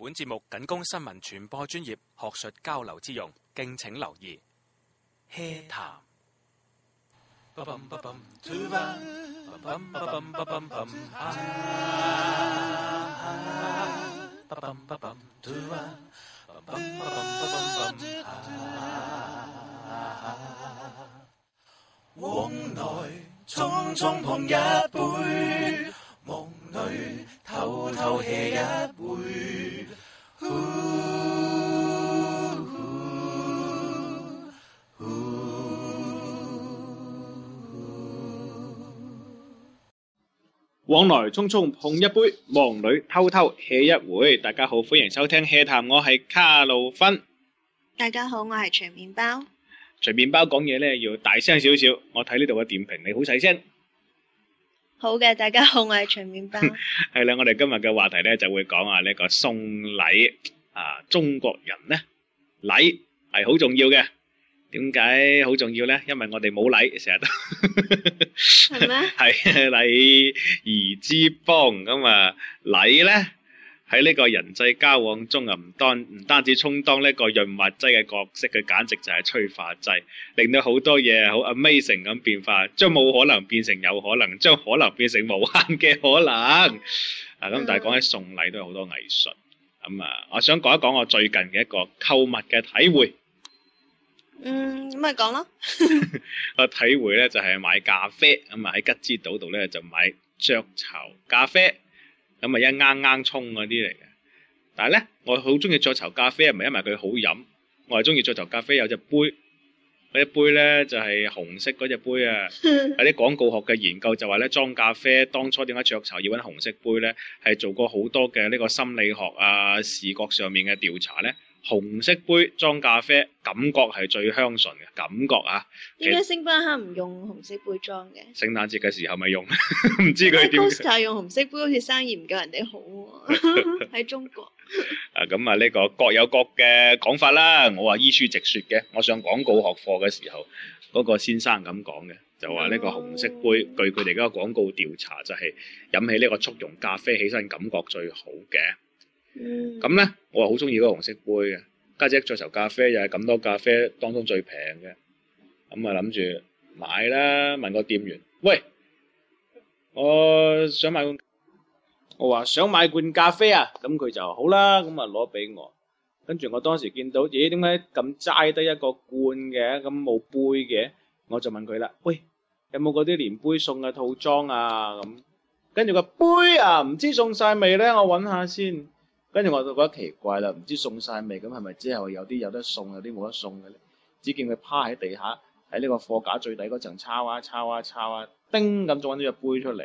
本節目僅供新聞傳播專業學術交流之用，敬請留意。HEA 談。往內匆匆碰一杯，夢裏偷偷 hea 一會。往來匆匆碰一杯，忙裏偷偷歇一會。大家好，歡迎收聽《HEA 談》，我係卡路芬大大。大家好，我係隨麵包。隨麵包講嘢咧，要大聲少少，我睇呢度嘅點評，你好細聲。好嘅，大家好，我係隨麵包。係啦，我哋今日嘅話題咧就會講下呢個送禮啊，中國人咧禮係好重要嘅。點解好重要咧？因為我哋冇禮，成日都係咩？係禮義之邦咁啊！禮咧喺呢個人際交往中啊，唔當唔單止充當呢個潤滑劑嘅角色，佢簡直就係催化劑，令到好多嘢好 Amazing 咁變化，將冇可能變成有可能，將可能變成無限嘅可能啊！咁但係講起送禮都有好多藝術，咁啊，我想講一講我最近嘅一個購物嘅體會。嗯，咁咪講咯。 我體會咧就係買咖啡，咁啊喺吉之島度咧就買雀巢咖啡，咁啊一啱啱沖嗰啲嚟嘅。但係咧，我好中意雀巢咖啡，唔係因為佢好飲？我係中意雀巢咖啡有隻杯，嗰隻杯咧就係紅色嗰隻杯啊。有啲廣告學嘅研究就話咧，裝咖啡當初點解雀巢要揾紅色杯咧，係做過好多嘅呢個心理學啊、視覺上面嘅調查咧。紅色杯裝咖啡，感覺係最香醇嘅感覺啊！點解星巴克唔用紅色杯裝嘅？聖誕節嘅時候咪用，唔 知佢點？Costa 係用紅色杯，好似生意唔夠人哋好喎。喺中國啊，咁啊呢個各有各嘅講法啦。我話醫書直說嘅，我上廣告學課嘅時候，嗰、嗰個先生咁講嘅，就話呢個紅色杯，oh. 據佢哋嗰個廣告調查，就係、係、飲起呢個速溶咖啡起身感覺最好嘅。咁咧，我好中意嗰個紅色杯嘅家姐，雀巢咖啡又係咁多咖啡當中最平嘅，咁啊，諗住買啦。問個店員，喂，我想買罐，我話想買罐咖啡啊。咁佢就好啦，咁啊攞俾我。跟住我當時見到，咦？點解咁齋得一個罐嘅咁冇杯嘅？我就問佢啦，喂，有冇嗰啲連杯送嘅套裝啊？咁跟住個杯啊，唔知送曬未咧？我揾下先。跟住我就覺得奇怪啦，唔知送晒未？咁係咪之後有啲有得送，有啲冇得送嘅咧？只見佢趴喺地下喺呢個貨架最底嗰層抄啊抄啊抄啊，叮咁撞咗隻杯出嚟，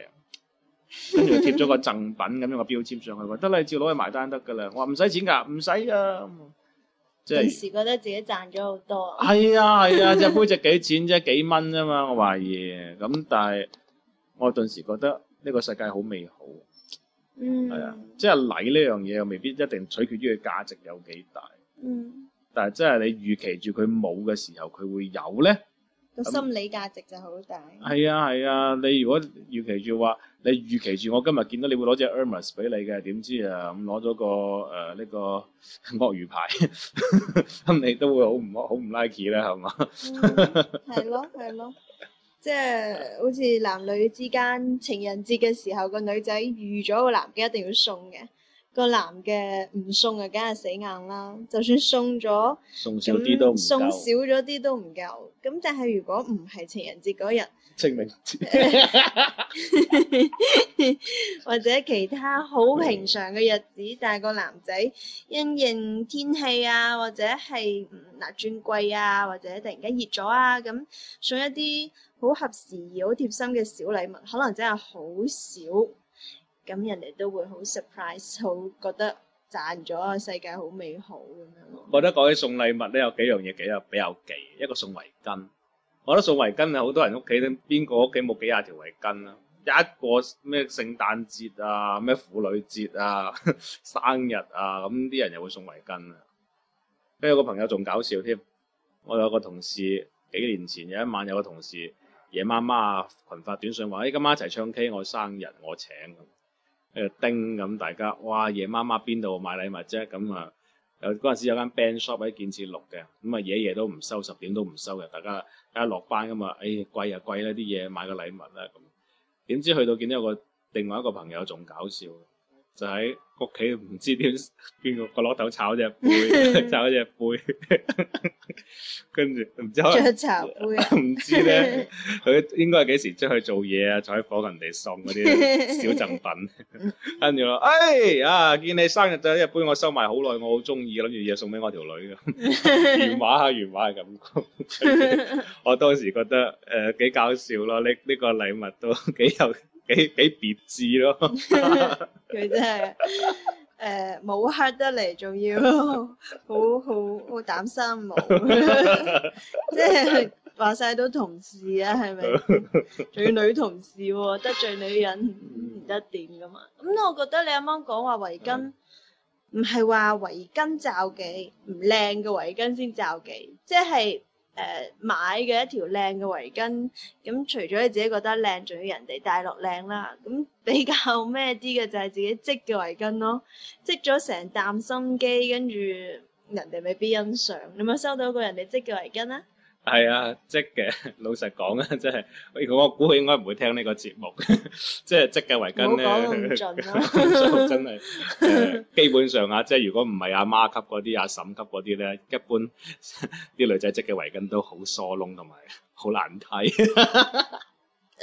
跟住貼咗個贈品咁樣個標籤上去。得你照攞去埋單得㗎啦。我話唔使錢㗎，唔使㗎。即係。頓時覺得自己賺咗好多。係啊係啊，只、啊啊、 杯隻幾錢啫？幾蚊啫嘛，我懷疑。咁但係我頓時覺得呢個世界好美好。嗯，係、mm hmm. 啊，即係禮呢樣嘢又未必一定取決於佢價值有幾大。嗯、mm，hmm. 但係即係你預期住佢冇嘅時候佢會有咧，個心理價值就好大。係、嗯、啊係啊，你如果預期住話，你預期住我今日見到你會攞隻 Hermes 俾你嘅，點知啊咁攞咗個誒呢、呃這個鱷魚牌，咁 你都會好唔好唔 like 咧，係嘛、like？係咯係咯。 即係好似男女之間情人節嘅時候，個女仔預咗個男嘅一定要送嘅，個男嘅唔送啊，梗係死硬啦。就算送咗，送少啲都唔夠。送少咗啲都唔夠。咁但係如果唔係情人節嗰日，清明 或者其他好平常嘅日子，嗯、但係個男仔因應天氣啊，或者係啱轉季啊，或者突然間熱咗啊，咁送一啲好合時宜、好貼心嘅小禮物，可能真係好少，咁人哋都會好 surprise，好覺得賺咗啊！世界好美好咁樣。覺得講起送禮物咧，有幾樣嘢幾又比較忌，一個送圍巾。我覺得送圍巾啊，好多人屋企，邊個屋企冇幾廿條圍巾啊？一過咩聖誕節啊、咩婦女節啊、 生日啊，咁啲人又會送圍巾啊。跟住個朋友仲搞笑添，我有個同事幾年前有一晚，有個同事。夜媽媽群發短信話：誒、哎、今晚一齊唱 K，我生日我請，誒叮，咁大家，哇夜媽媽邊度買禮物啫？咁啊，有嗰陣時有間 band shop 喺建設六嘅，咁啊夜夜都唔收，十點都唔收嘅，大家，大家落班咁、哎、啊，誒貴啊貴啦，啲嘢買個禮物啦、啊、咁，點知去到見到有個另外一個朋友仲搞笑。就喺屋企唔知點邊個個攞頭炒隻杯，炒隻杯， 跟住唔知去着茶杯，唔 知咧佢應該係幾時出去做嘢啊，就喺火人哋送嗰啲小贈品，跟住話：哎啊，見你生日得一隻杯我，我收埋好耐，我好中意，諗住嘢送俾我條女嘅，原話下，原話嘅感覺。 我當時覺得誒、呃、幾搞笑咯，呢呢、呢個禮物都幾有。幾幾別致咯， 佢真係誒冇黑得嚟，仲要好好好膽生毛， 即係話晒都同事啊，係咪？仲要女同事喎、啊，得罪女人唔得掂噶嘛？咁我覺得你啱啱講話圍巾，唔係話圍巾罩幾唔靚嘅圍巾先罩幾，即係。誒、呃，買嘅一條靚嘅圍巾，咁、嗯、除咗你自己覺得靚，仲要人哋戴落靚啦。咁、嗯、比較咩啲嘅就係、是、自己織嘅圍巾咯，織咗成擔心機，跟住人哋未必欣賞。你有冇收到過人哋織嘅圍巾啊？係啊，織嘅老實講啊，即係，真我我估佢應該唔會聽呢個節目，即係織嘅圍巾咧，唔好講盡啦、啊、 真係、 呃、基本上啊，即係如果唔係阿媽級嗰啲、阿嬸級嗰啲咧，一般啲 女仔織嘅圍巾都好疏窿同埋好難睇。誒、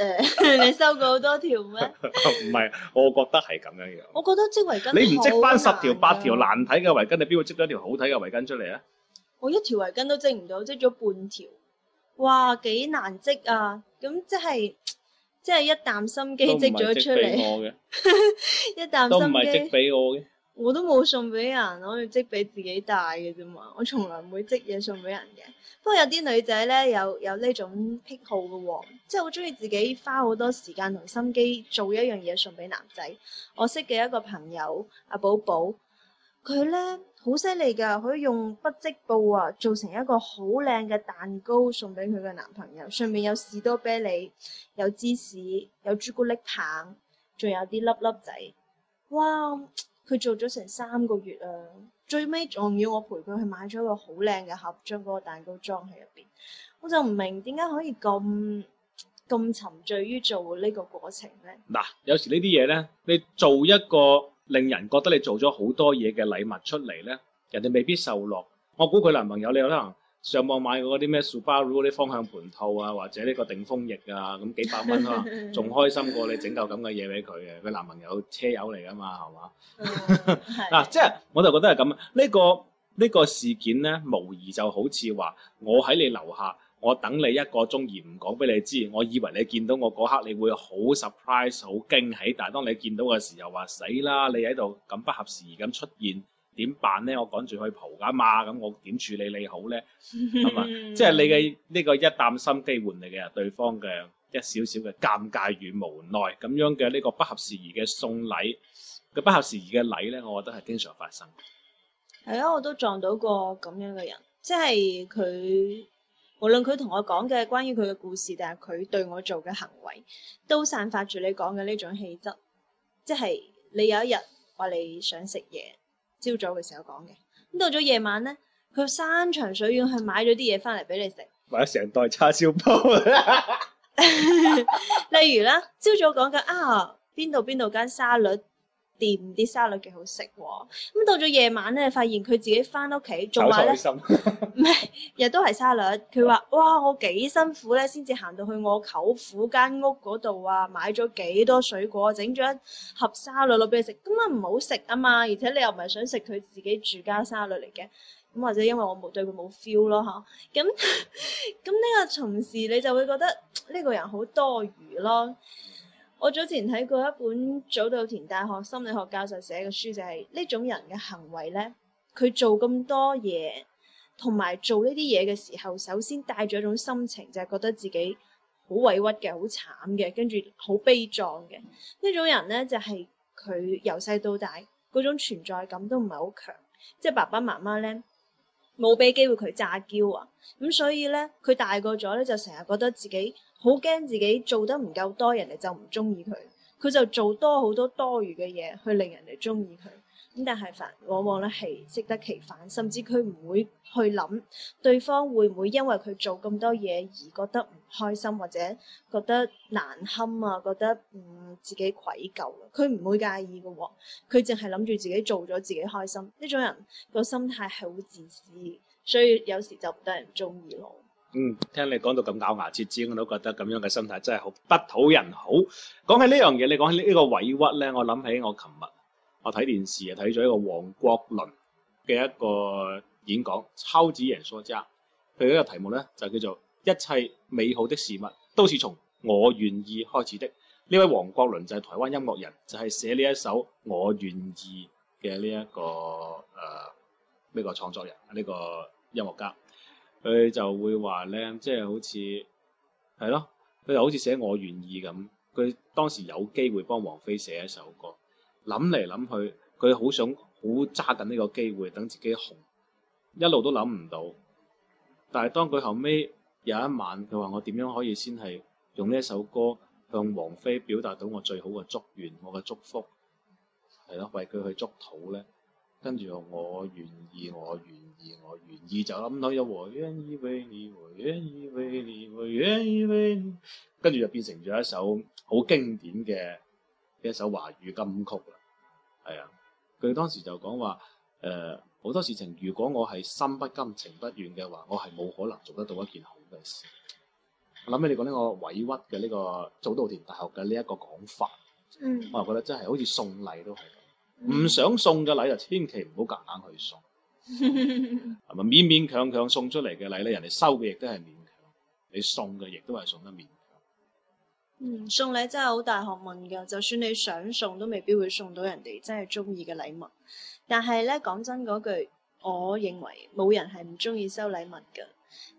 欸，你收過好多條咩？唔係， 我覺得係咁樣樣。我覺得織圍巾，你唔織翻十條八條難睇嘅圍巾，啊、你邊會織到一條好睇嘅圍巾出嚟啊？我一條圍巾都織唔到，織咗半條，哇，幾難織啊！咁即係即係一啖心機織咗出嚟，都唔係織俾我嘅， 一啖心都唔係織俾我嘅，我都冇送俾人，我要織俾自己戴嘅啫嘛，我從來唔會織嘢送俾人嘅。不過有啲女仔咧有有呢種癖好嘅、哦，即係好中意自己花好多時間同心機做一樣嘢送俾男仔。我識嘅一個朋友阿寶寶，佢咧。好犀利噶！可以用不織布啊，做成一個好靚嘅蛋糕送俾佢嘅男朋友，上面有士多啤梨，有芝士，有朱古力棒，仲有啲粒粒仔。哇！佢做咗成三個月啊，最尾仲要我陪佢去買咗一個好靚嘅盒，將嗰個蛋糕裝喺入邊。我就唔明點解可以咁咁沉醉於做呢個過程咧？嗱，有時呢啲嘢咧，你做一個。令人覺得你做咗好多嘢嘅禮物出嚟咧，人哋未必受落。我估佢男朋友你可能上網買嗰啲咩 Super 嗰啲方向盤套啊，或者呢個定風翼啊，咁幾百蚊啊，仲 開心過你整嚿咁嘅嘢俾佢嘅。佢男朋友車友嚟噶嘛，係嘛？嗱、嗯 啊，即係我就覺得係咁。呢、呢個呢、呢個事件咧，無疑就好似話我喺你樓下。我等你一個鐘而唔講俾你知，我以為你見到我嗰刻，你會好 surprise 好驚喜。但係當你見到嘅時候，話死啦！你喺度咁不合時宜咁出現，點辦咧？我趕住去蒲㗎嘛，咁我點處理你好咧？係嘛， 即係你嘅呢個一啖心機換嚟嘅，對方嘅一少少嘅尷尬與無奈咁樣嘅呢個不合時宜嘅送禮，嘅不合時宜嘅禮咧，我覺得係經常發生。係啊， 我都撞到個咁樣嘅人，即係佢。無論佢同我講嘅關於佢嘅故事，定係佢對我做嘅行為，都散發住你講嘅呢種氣質，即係你有一日話你想食嘢，朝早嘅時候講嘅，咁到咗夜晚咧，佢山長水遠去買咗啲嘢翻嚟俾你食，買咗成袋叉燒包。 例如啦，朝早講嘅啊，邊度邊度間沙律。掂啲沙律幾好食喎，咁到咗夜晚咧，發現佢自己翻屋企，仲話咧，唔係 日都係沙律。佢話： 哇，我幾辛苦咧，先至行到去我舅父間屋嗰度啊，買咗幾多水果，整咗一盒沙律攞俾你食。咁咪唔好食啊嘛，而且你又唔係想食佢自己住家沙律嚟嘅。咁或者因為我冇對佢冇 feel 咯嚇。咁咁呢個同事你就會覺得呢個人好多餘咯。我早前睇過一本早稻田大學心理學教授寫嘅書，就係呢種人嘅行為呢，佢做咁多嘢，同埋做呢啲嘢嘅時候，首先帶住一種心情，就係覺得自己好委屈嘅、好慘嘅，跟住好悲壯嘅呢種人呢，就係佢由細到大嗰種存在感都唔係好強，即係爸爸媽媽呢。冇俾機會佢詐嬌啊，咁所以咧，佢大個咗咧就成日覺得自己好驚，自己做得唔夠多，人哋就唔中意佢，佢就做多好多多餘嘅嘢去令人哋中意佢。咁但係反，往往咧係適得其反，甚至佢唔會去諗對方會唔會因為佢做咁多嘢，而覺得唔開心，或者覺得難堪啊，覺得嗯自己愧疚，佢唔會介意嘅喎，哦，佢淨係諗住自己做咗自己開心。呢種人個心態係好自私，所以有時就唔得人中意咯。嗯，聽你講到咁咬牙切齒，我都覺得咁樣嘅心態真係好不討人好。講起呢樣嘢，你講起呢個委屈咧，我諗起我琴日。我睇電視啊，睇咗一個黃國倫嘅一個演講，抽紙人所揸。佢嗰個題目咧就叫做《一切美好的事物都是從我願意開始的》。呢位黃國倫就係台灣音樂人，就係寫呢一首我願、這個《我願意》嘅呢一個誒呢個創作人，呢、這個音樂家。佢就會話咧，即、就、係、是、好似係咯，佢就好似寫《我願意》咁。佢當時有機會幫王菲寫一首歌。諗嚟諗去，佢好想好揸緊呢個機會，等自己紅，一路都諗唔到。但係當佢後尾有一晚，佢話我點樣可以先係用呢一首歌向王菲表達到我最好嘅祝願、我嘅祝福，係咯，為佢去祝禱咧。跟住我願意，我願意，我願意，意，就諗到有我願意為你，我願意為你，我願意為你，跟住就變成咗一首好經典嘅。一首華語金曲啦，係啊！佢當時就講話，誒、呃、好多事情，如果我係心不甘情不願嘅話，我係冇可能做得到一件好嘅事。我諗起你講呢個委屈嘅呢個，早稻田大學嘅呢一個講法，嗯，我又覺得真係好似送禮都係，唔想送嘅禮就千祈唔好夾硬去送，係咪？ 勉勉強強送出嚟嘅禮咧？人哋收嘅亦都係勉強，你送嘅亦都係送得勉。嗯，送禮真係好大學問噶，就算你想送，都未必會送到人哋真係中意嘅禮物。但係咧，講真句，我認為冇人係唔中意收禮物噶。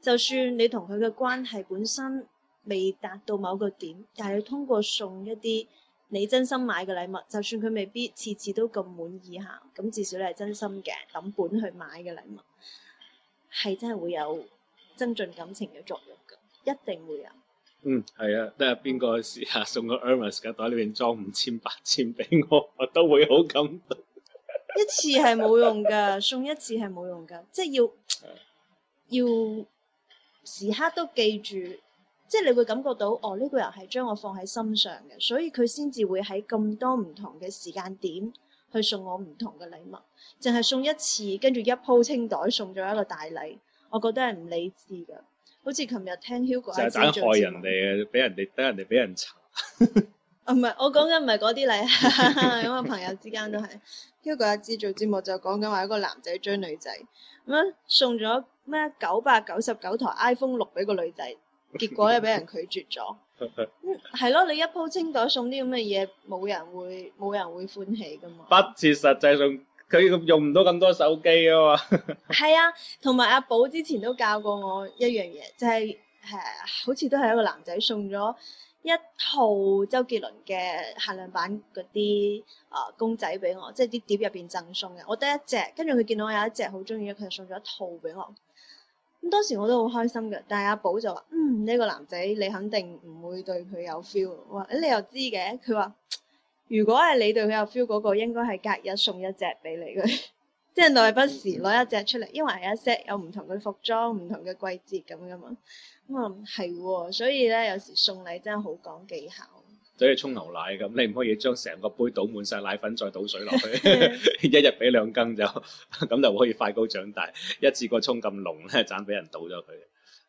就算你同佢嘅關係本身未達到某個點，但係通過送一啲你真心買嘅禮物，就算佢未必次次都咁滿意吓，咁至少你係真心嘅，揼本去買嘅禮物，係真係會有增進感情嘅作用噶，一定會有。嗯，係啊，得係邊個試下送個 Hermes 嘅袋裏邊裝五千八千俾我，我都會好感動。一次係冇用噶，送一次係冇用噶，即係要要時刻都記住，即係你會感覺到哦，呢個人係將我放喺心上嘅，所以佢先至會喺咁多唔同嘅時間點去送我唔同嘅禮物。淨係送一次，跟住一鋪清袋送咗一個大禮，我覺得係唔理智噶。好似琴日聽 Hughes 阿芝就係想害人哋嘅，俾人哋等人哋俾人,人查。唔 係，啊，我講緊唔係嗰啲嚟，咁 啊朋友之間都係。Hughes 阿芝做節目就講緊話一個男仔追女仔，咁樣送咗咩九百九十九台 iPhone 六俾個女仔，結果又俾人拒絕咗。嗯，係咯，你一鋪清袋送啲咁嘅嘢，冇人會冇人,人會歡喜噶嘛？不切實際上。佢用唔到咁多手機啊嘛，係啊，同埋阿寶之前都教過我一樣嘢，就係、是、誒，好似都係一個男仔送咗一套周杰倫嘅限量版嗰啲啊公仔俾我，即係啲碟入邊贈送嘅，我得一隻，跟住佢見到我有一隻好中意，嘅，佢就送咗一套俾我。咁當時我都好開心嘅，但係阿、啊、寶就話：嗯，呢、這個男仔你肯定唔會對佢有 feel。我話：誒，你又知嘅？佢話。如果係你對佢有 feel 嗰個，應該係隔日送一隻俾你佢， 即係耐不時攞一隻出嚟，因為有一套有唔同嘅服裝、唔同嘅季節咁噶嘛。咁啊係，所以咧，有時送禮真係好講技巧，好似沖牛奶咁，你唔可以將成個杯倒滿晒奶粉，再倒水落去， 一日俾兩羹就咁 就可以快高長大。一次過沖咁濃咧，盞俾人倒咗佢。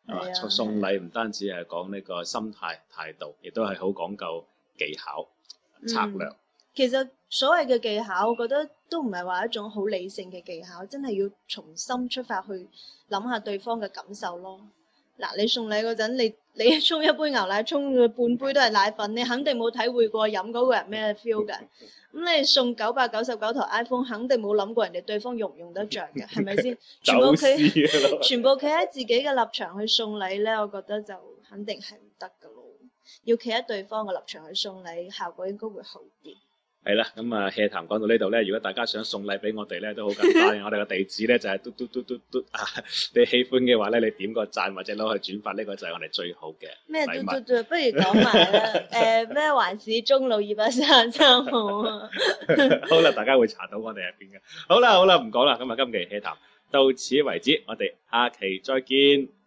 係啊，送禮唔單止係講呢個心態態度，亦都係好講究技巧。策略、嗯、其實所謂嘅技巧，我覺得都唔係話一種好理性嘅技巧，真係要從心出發去諗下對方嘅感受咯。嗱，你送禮嗰陣，你你沖一杯牛奶，沖佢半杯都係奶粉，你肯定冇體會過飲嗰個人咩 feel 嘅。咁、 嗯、你送九百九十九台 iPhone，肯定冇諗過人哋對方用唔用得着嘅，係咪先？ 全部企 全部企喺自己嘅立場去送禮咧，我覺得就肯定係唔得嘅咯。要企喺對方嘅立場去送禮，效果應該會好啲。係啦，咁啊，hea 談講到呢度咧，如果大家想送禮俾我哋咧，都好簡單， 我哋嘅地址咧就係嘟嘟嘟嘟嘟啊！你喜歡嘅話咧，你點個讚或者攞去轉發呢、呢個就係我哋最好嘅咩？嘟嘟嘟， 不如講埋誒咩？環市、 呃、中路二百、啊、三十三號、啊。 好啦，大家會查到我哋喺邊嘅。好啦，好啦，唔講啦，咁啊，今期 hea 談到此為止，我哋下期再見。